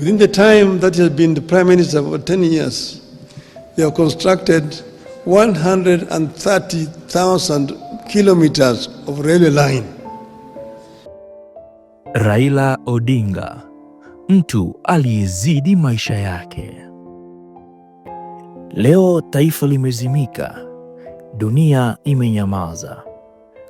Within the time that he has been the Prime Minister for 10 years, they have constructed 130,000 kilometers of railway line. Raila Odinga, mtu aliyezidi maisha yake. Leo taifa limezimika, dunia imenyamaza.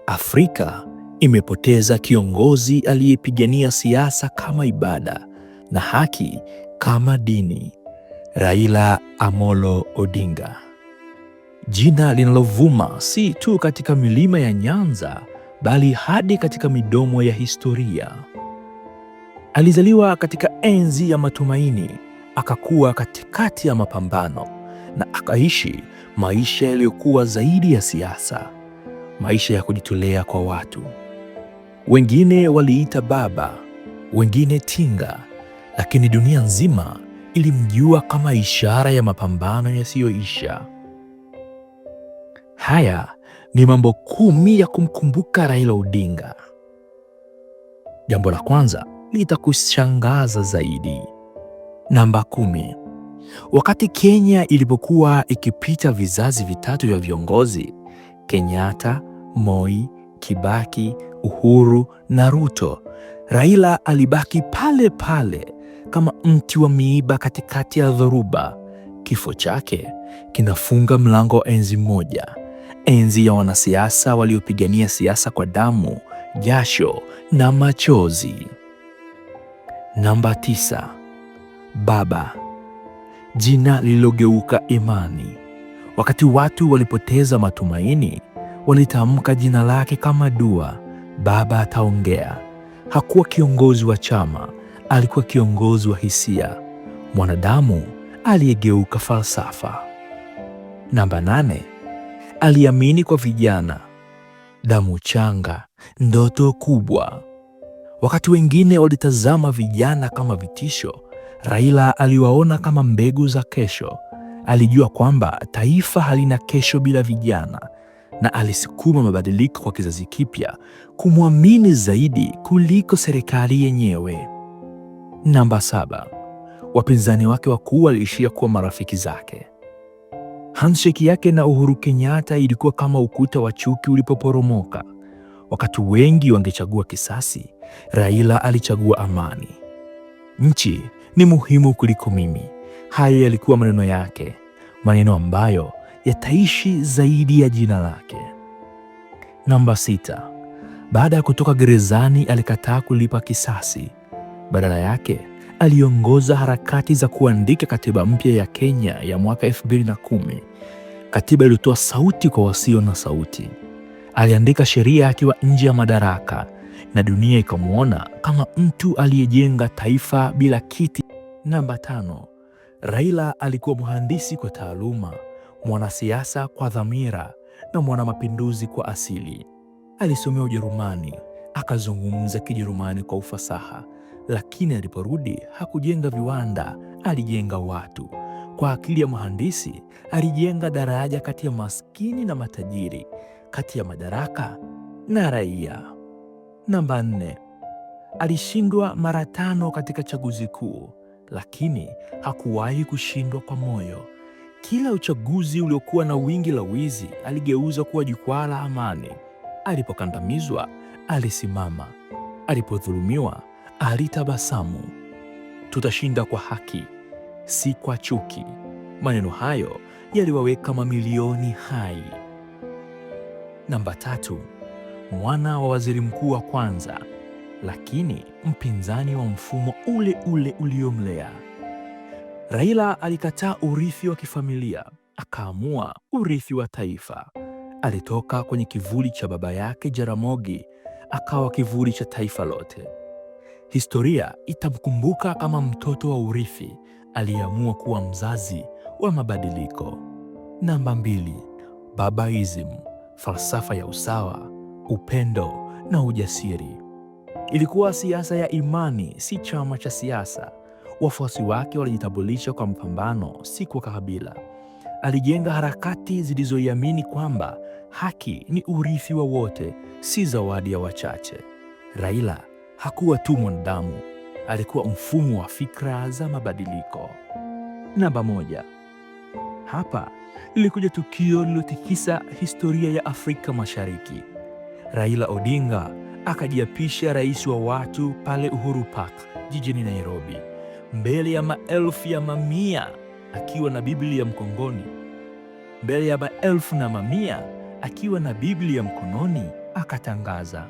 Afrika imepoteza kiongozi aliyepigania siasa kama ibada na haki kama dini, Raila Amolo Odinga, jina linalovuma si tu katika milima ya Nyanza bali hadi katika midomo ya historia. Alizaliwa katika enzi ya matumaini, akakuwa katikati ya mapambano na akaishi maisha yaliyokuwa zaidi ya siasa, maisha ya kujitolea kwa watu. Wengine waliita baba, wengine tinga, lakini dunia nzima ilimjua kama ishara ya mapambano yasiyoisha. Haya ni mambo kumi ya kumkumbuka Raila Odinga. Jambo la kwanza litakushangaza zaidi. Namba kumi. Wakati Kenya ilipokuwa ikipita vizazi vitatu vya viongozi, Kenyatta, Moi, Kibaki, Uhuru na Ruto, Raila alibaki pale pale kama mti wa miiba katikati ya dhoruba. Kifo chake kinafunga mlango wa enzi moja, enzi ya wanasiasa waliopigania siasa kwa damu, jasho na machozi. Namba tisa. Baba, jina lililogeuka imani. Wakati watu walipoteza matumaini, walitamka jina lake kama dua. Baba ataongea. Hakuwa kiongozi wa chama, alikuwa kiongozi wa hisia, mwanadamu aliyegeuka falsafa. Namba nane, aliamini kwa vijana, damu changa, ndoto kubwa. Wakati wengine walitazama vijana kama vitisho, Raila aliwaona kama mbegu za kesho. Alijua kwamba taifa halina kesho bila vijana, na alisukuma mabadiliko kwa kizazi kipya kumwamini zaidi kuliko serikali yenyewe. Namba saba, wapinzani wake wakuu waliishia kuwa marafiki zake. Handshake yake na Uhuru Kenyatta ilikuwa kama ukuta wa chuki ulipoporomoka. Wakati wengi wangechagua kisasi, Raila alichagua amani. Nchi ni muhimu kuliko mimi. Hayo yalikuwa maneno yake, maneno ambayo yataishi zaidi ya jina lake. Namba sita, baada ya kutoka gerezani alikataa kulipa kisasi. Badala yake aliongoza harakati za kuandika katiba mpya ya Kenya ya mwaka 2010, katiba iliyotoa sauti kwa wasio na sauti. Aliandika sheria akiwa nje ya madaraka na dunia ikamwona kama mtu aliyejenga taifa bila kiti. Namba tano, Raila alikuwa mhandisi kwa taaluma, mwanasiasa kwa dhamira na mwanamapinduzi kwa asili. Alisomea Ujerumani, akazungumza Kijerumani kwa ufasaha lakini aliporudi hakujenga viwanda, alijenga watu. Kwa akili ya mhandisi, alijenga daraja kati ya maskini na matajiri, kati ya madaraka na raia. Namba nne, alishindwa mara tano katika chaguzi kuu, lakini hakuwahi kushindwa kwa moyo. Kila uchaguzi uliokuwa na wingi la wizi aligeuza kuwa jukwaa la amani. Alipokandamizwa, alisimama. Alipodhulumiwa, alitabasamu. Tutashinda kwa haki, si kwa chuki. Maneno hayo yaliwaweka mamilioni hai. Namba tatu, mwana wa waziri mkuu wa kwanza, lakini mpinzani wa mfumo ule ule uliomlea. Raila alikataa urithi wa kifamilia, akaamua urithi wa taifa. Alitoka kwenye kivuli cha baba yake Jaramogi, akawa kivuli cha taifa lote. Historia itamkumbuka kama mtoto wa urithi aliyeamua kuwa mzazi wa mabadiliko. Namba mbili, Babaism, falsafa ya usawa, upendo na ujasiri. Ilikuwa siasa ya imani, si chama cha siasa. Wafuasi wake walijitambulisha kwa mpambano si kwa kabila. Alijenga harakati zilizoiamini kwamba haki ni urithi wa wote, si zawadi ya wachache. Raila hakuwa tu mwanadamu, alikuwa mfumo wa fikra za mabadiliko. Namba moja. Hapa lilikuja tukio lililotikisa historia ya Afrika Mashariki. Raila Odinga akajiapisha rais wa watu pale Uhuru Park jijini Nairobi, mbele ya maelfu ya mamia akiwa na Biblia mkongoni, mbele ya maelfu na mamia akiwa na Biblia mkononi, akatangaza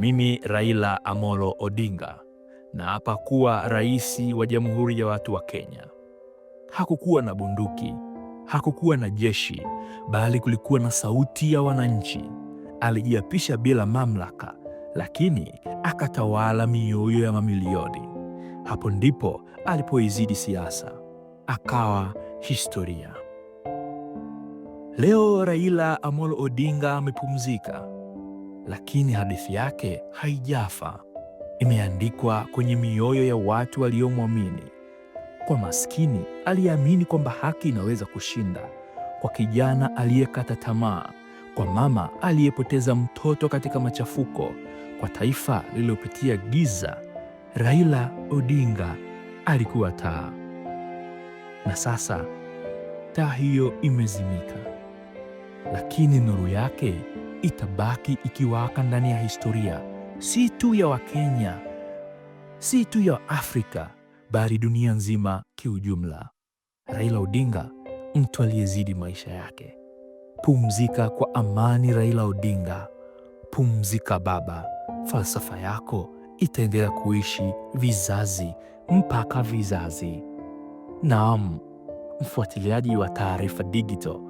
mimi Raila Amolo Odinga naapa kuwa rais wa Jamhuri ya Watu wa Kenya. Hakukuwa na bunduki, hakukuwa na jeshi, bali kulikuwa na sauti ya wananchi. Alijiapisha bila mamlaka, lakini akatawala mioyo ya mamilioni. Hapo ndipo alipoizidi siasa, akawa historia. Leo Raila Amolo Odinga amepumzika lakini hadithi yake haijafa. Imeandikwa kwenye mioyo ya watu waliomwamini. Kwa maskini aliyeamini kwamba haki inaweza kushinda, kwa kijana aliyekata tamaa, kwa mama aliyepoteza mtoto katika machafuko, kwa taifa lililopitia giza, Raila Odinga alikuwa taa. Na sasa taa hiyo imezimika, lakini nuru yake itabaki ikiwaka ndani ya historia, si tu ya Wakenya, si tu ya Afrika, bali dunia nzima kiujumla. Raila Odinga, mtu aliyezidi maisha yake. Pumzika kwa amani, Raila Odinga. Pumzika baba, falsafa yako itaendelea kuishi vizazi mpaka vizazi. Naam, mfuatiliaji wa Taarifa Digital,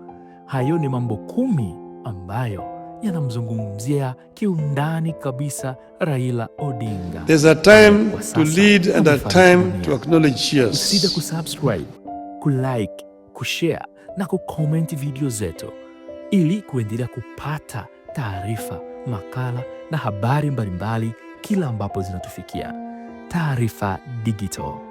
hayo ni mambo kumi ambayo yanamzungumzia kiundani kabisa Raila Odinga. There's a time to lead and a time to acknowledge cheers. Usisite kusubscribe, kulike, kushare na kukomenti video zetu ili kuendelea kupata taarifa, makala na habari mbalimbali kila ambapo zinatufikia. Taarifa Digital.